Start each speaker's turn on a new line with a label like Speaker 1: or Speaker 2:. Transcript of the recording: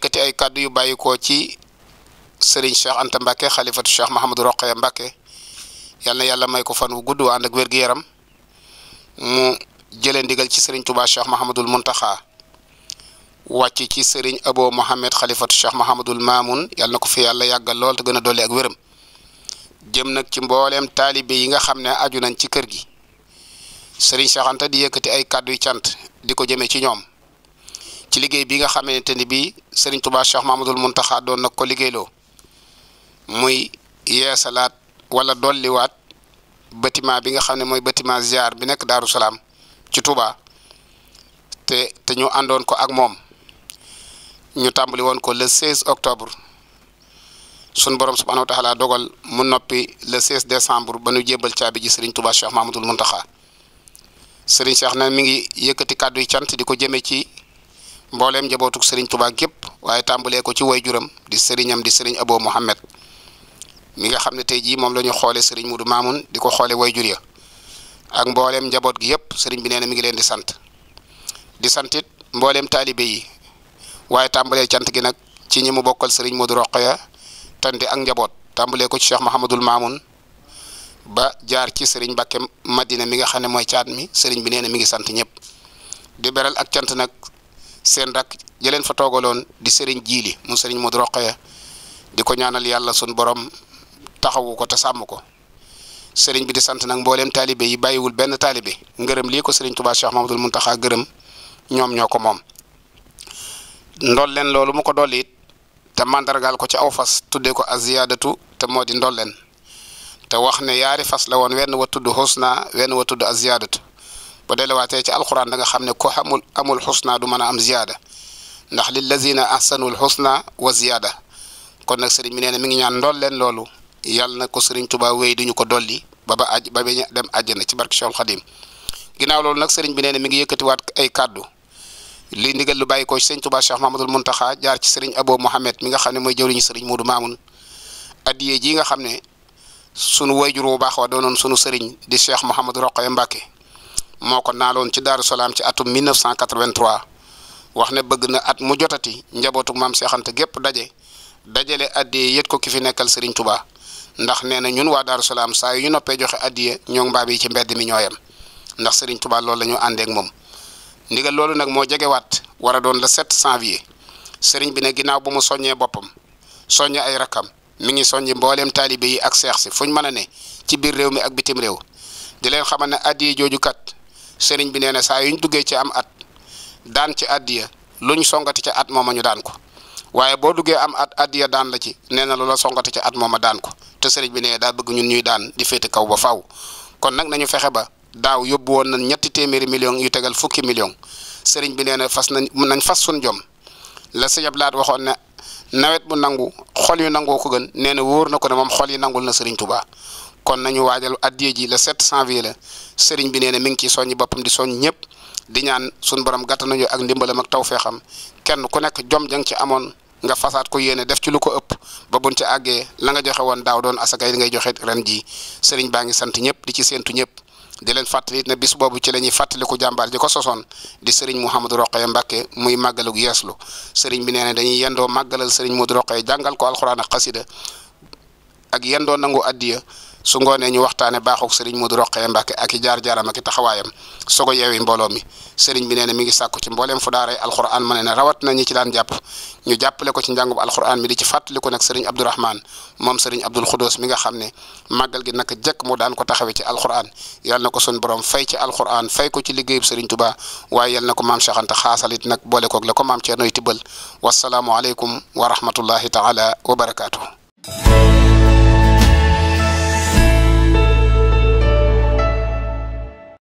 Speaker 1: yëkkati ay kàddu yu bàyyikoo ci sëriñ Cheikh Anta Mbacke xalifatu Cheikh Mahamadou Roqaya Mbacke yal na yàlla may ko fan wu gudd ànd ak wér-gu-yaram mu jëlee ndigal ci sëriñ Touba Cheikh Mahamadul Muntaxa wàcc ci sëriñ Abo Mohamed xalifatu Cheikh Mahamadul Mamoun yal na ko fi yàlla yàggal lool te gën a dolli ak wéram jëm nag ci mbooleem taalibe yi nga xam ne aju nañ ci kër gi sëriñ Cheikh Anta di yëkkati ay kàddu yu cant di ko jëmee ci ñoom ci liggéey bi Serigne Touba Cheikh Mahmadul Muntaxa doon nag ko liggéeyloo muy yeesalaat wala dolliwaat bâtiment bi nga xam ne mooy bâtiment ziar bi nekk Daaru Salaam ci Touba te te ñu àndoon ko ak moom ñu tàmbali woon ko le 16 octobre sun borom subhanahu wa taala dogal mu noppi le 16 décembre ba nu jébbal caabi ji Serigne Touba Cheikh Mahmadul Muntaxa Serigne Cheikh na mi ngi yëkkati kàddu yi cant di ko jëmee ci mbooleem njabootug Serigne Touba gépp waaye tàmbalee ko ci wayjuram di sëriñam di sëriñ Abo Mohammed mi nga xam ne tey jii moom lañu ñu xoolee sëriñ Mudu Maamun di ko xoole wayjur ya ak mbooleem njaboot gi yëpp sëriñ bi nee na mi ngi leen di sant di santit mbooleem taalibe yi waaye tàmbalee cant gi nag ci ñi mu bokkal sëriñ Mudu Roqaya tandi ak njaboot tàmbalee ko ci Cheikh Mahamadul Maamun ba jaar ci sëriñ Mbàkke Madina mi nga xam ne mooy caat mi sëriñ bi nee na mi ngi sant ñëpp di beral ak cant nag seen rak jëleen leen fa toogaloon di sëriñ jiili mu sëriñ Modou Rokhaya di ko ñaanal yàlla sun borom taxawu ko te sàmm ko sëriñ bi di sant nag mbooleem taalibe yi bàyyiwul benn taalibe ngërëm lii ko sëriñ Touba Cheikh Mamadou Mountakha gërëm ñoom ñoo ko moom. ndol leen loolu mu ko dolli te mandargaal ko ci aw fas tuddee ko aziyadatu te moo di ndol leen te wax ne yaari fas la woon wenn wa tudd xusna wenn wa tudd aziyadatu ba delluwaatee ci alxuraan da nga xam ne ko amul amul xusna du mën a am ziyaada ndax lillazina ahsanul husna wa ziyaada kon nag sëriñ bi nee na mi ngi ñaan ndool leen loolu yal na ko sëriñ Tuubaa wéy duñu ko dolli ba ba aj ba bañ dem àjjana ci barke Cheikhul Khadim ginnaaw loolu nag sëriñ bi nee na mi ngi yëkkati yëkkatiwaat ay kàddu li ndigal lu bàyyi ko ci sëriñ Tuubaa Cheikh Mahmadul Muntaxa jaar ci sëriñ Abo Mohamed mi nga xam ne mooy jëwriñu sëriñ Muudu Maamun addiye ji nga xam ne sunu wayjur bu baax wa doonoon sunu sëriñ di Cheikh Mouhamadou Rokhaya Mbacké moo ko naaloon ci Daaru Salaam ci atum 1983 wax ne bëgg na at mu jotati njabootu maam Seex Anta gépp daje dajale addiye yët ko ki fi nekkal Serigne Touba ndax nee na ñun waa Daaru Salaam saa yu ñu noppee joxe addiye ñoo ngi mbaab yi ci mbedd mi ñooyam ndax Serigne tubaa loolu la ñu àndeek moom ndigal loolu nag moo jegewaat war a doon le 7 janvier Serigne bi ne ginnaaw bu mu soññee boppam soññ ay rakkam mi ngi soññi mbooleem taalibe yi ak seex si fu ñu mën a ne ci biir réew mi ak bitim réew di leen xamal ne bi nee na saa yu ñu duggee ci am at daan ci addiya lu ñu songati ci at mooma ñu daan ko waaye boo duggee am at addiya daan la ci nee na loola songati ca at a daan ko te sëriñ bi ne daa bëgg ñun ñuy daan di féete kaw ba faaw kon nag nañu fexe ba daaw yóbbu woon nañ ñetti téeméeri million yu tegal fukki million sëriñ bi nee na fas nañ nañ fas suñ jom la sëñ Ablaat waxoon ne nawet bu nangu xol yu nangoo ko gën nee na wóor na ko ne moom xol yi nangul na sëriñ Touba kon nañu waajal addiya ji la 7 janvier la sëriñ bi nee na mi ngi ciy soññi boppam di soññ ñëpp di ñaan sun borom gàttanuñu ak ndimbalam ak taw tawfeexam kenn ku nekk jom jang ci amoon nga fasaat ko yéene def ci lu ko ëpp ba bun ci àggee la nga joxe woon daaw doon asaka yi ngay joxe ren jii sëriñ baa ngi sant ñëpp di ci séentu ñëpp di leen fàttali ne bis boobu ci la ñuy fàttaliku jàmbaar ji ko sosoon di sëriñ Mouhamadou Rokhaya Mbacké muy màggalug yeeslu sëriñ bi nee na dañuy yendoo màggalal sëriñ Modou Rokhaya jàngal ko alxuraan a xasida ak yendoo nangu addiya su ngoonee ñu waxtaanee baaxoog sëriñ Modou Rokhaya Mbacké ak i jaar-jaaram ak i taxawaayam sogo yeewi mbooloo mi sëriñ bi nee na mi ngi sàkku ci mbooleem fu daaray alxuraan ma ne ne rawat na ñi ci daan jàpp ñu jàppale ko ci njàngub alxuraan mi di ci fàttaliku nag sëriñ Abdourahman moom sëriñ Abdul Xudoos mi nga xam ne màggal gi naka jëkk mu daan ko taxawee ci alxuraan yal na ko sun borom fay ci alxuraan fay ko ci liggéeyub sëriñ Tuubaa waaye yal na ko maam Cheikh Anta xaasalit nag boole koog la ko maam Ceernoy tibbal wasalaamualeykum wa rahmatullahi taala wa barakaatu